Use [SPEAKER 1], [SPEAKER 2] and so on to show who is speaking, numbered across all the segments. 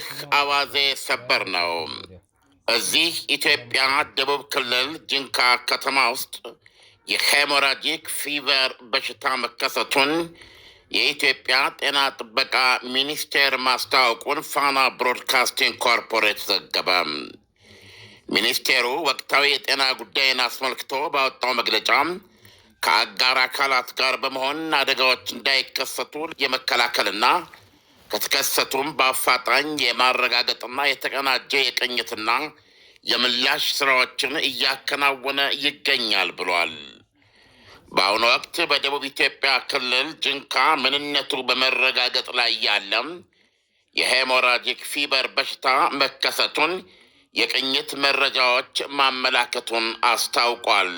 [SPEAKER 1] ይህ አዋዜ ሰበር ነው። እዚህ ኢትዮጵያ ደቡብ ክልል ጅንካ ከተማ ውስጥ የሄሞራጂክ ፊቨር በሽታ መከሰቱን የኢትዮጵያ ጤና ጥበቃ ሚኒስቴር ማስታወቁን ፋና ብሮድካስቲንግ ኮርፖሬት ዘገበ። ሚኒስቴሩ ወቅታዊ የጤና ጉዳይን አስመልክቶ ባወጣው መግለጫ ከአጋር አካላት ጋር በመሆን አደጋዎች እንዳይከሰቱ የመከላከልና ከተከሰቱም በአፋጣኝ የማረጋገጥና የተቀናጀ የቅኝትና የምላሽ ስራዎችን እያከናወነ ይገኛል ብሏል። በአሁኑ ወቅት በደቡብ ኢትዮጵያ ክልል ጅንካ ምንነቱ በመረጋገጥ ላይ ያለም የሄሞራጂክ ፊበር በሽታ መከሰቱን የቅኝት መረጃዎች ማመላከቱን አስታውቋል።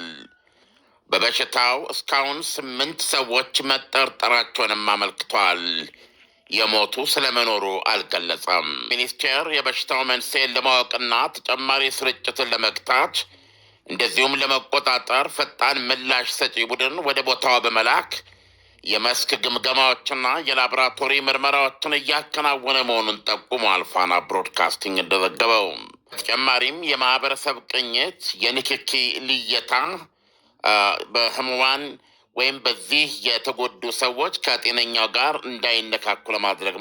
[SPEAKER 1] በበሽታው እስካሁን ስምንት ሰዎች መጠርጠራቸውንም አመልክቷል። የሞቱ ስለመኖሩ አልገለጸም። ሚኒስቴር የበሽታው መንስኤን ለማወቅና ተጨማሪ ስርጭትን ለመግታት እንደዚሁም ለመቆጣጠር ፈጣን ምላሽ ሰጪ ቡድን ወደ ቦታው በመላክ የመስክ ግምገማዎችና የላቦራቶሪ ምርመራዎችን እያከናወነ መሆኑን ጠቁሟል። ፋና ብሮድካስቲንግ እንደዘገበው በተጨማሪም የማህበረሰብ ቅኝት፣ የንክኪ ልየታ በህሙዋን ወይም በዚህ የተጎዱ ሰዎች ከጤነኛው ጋር እንዳይነካኩ ለማድረግ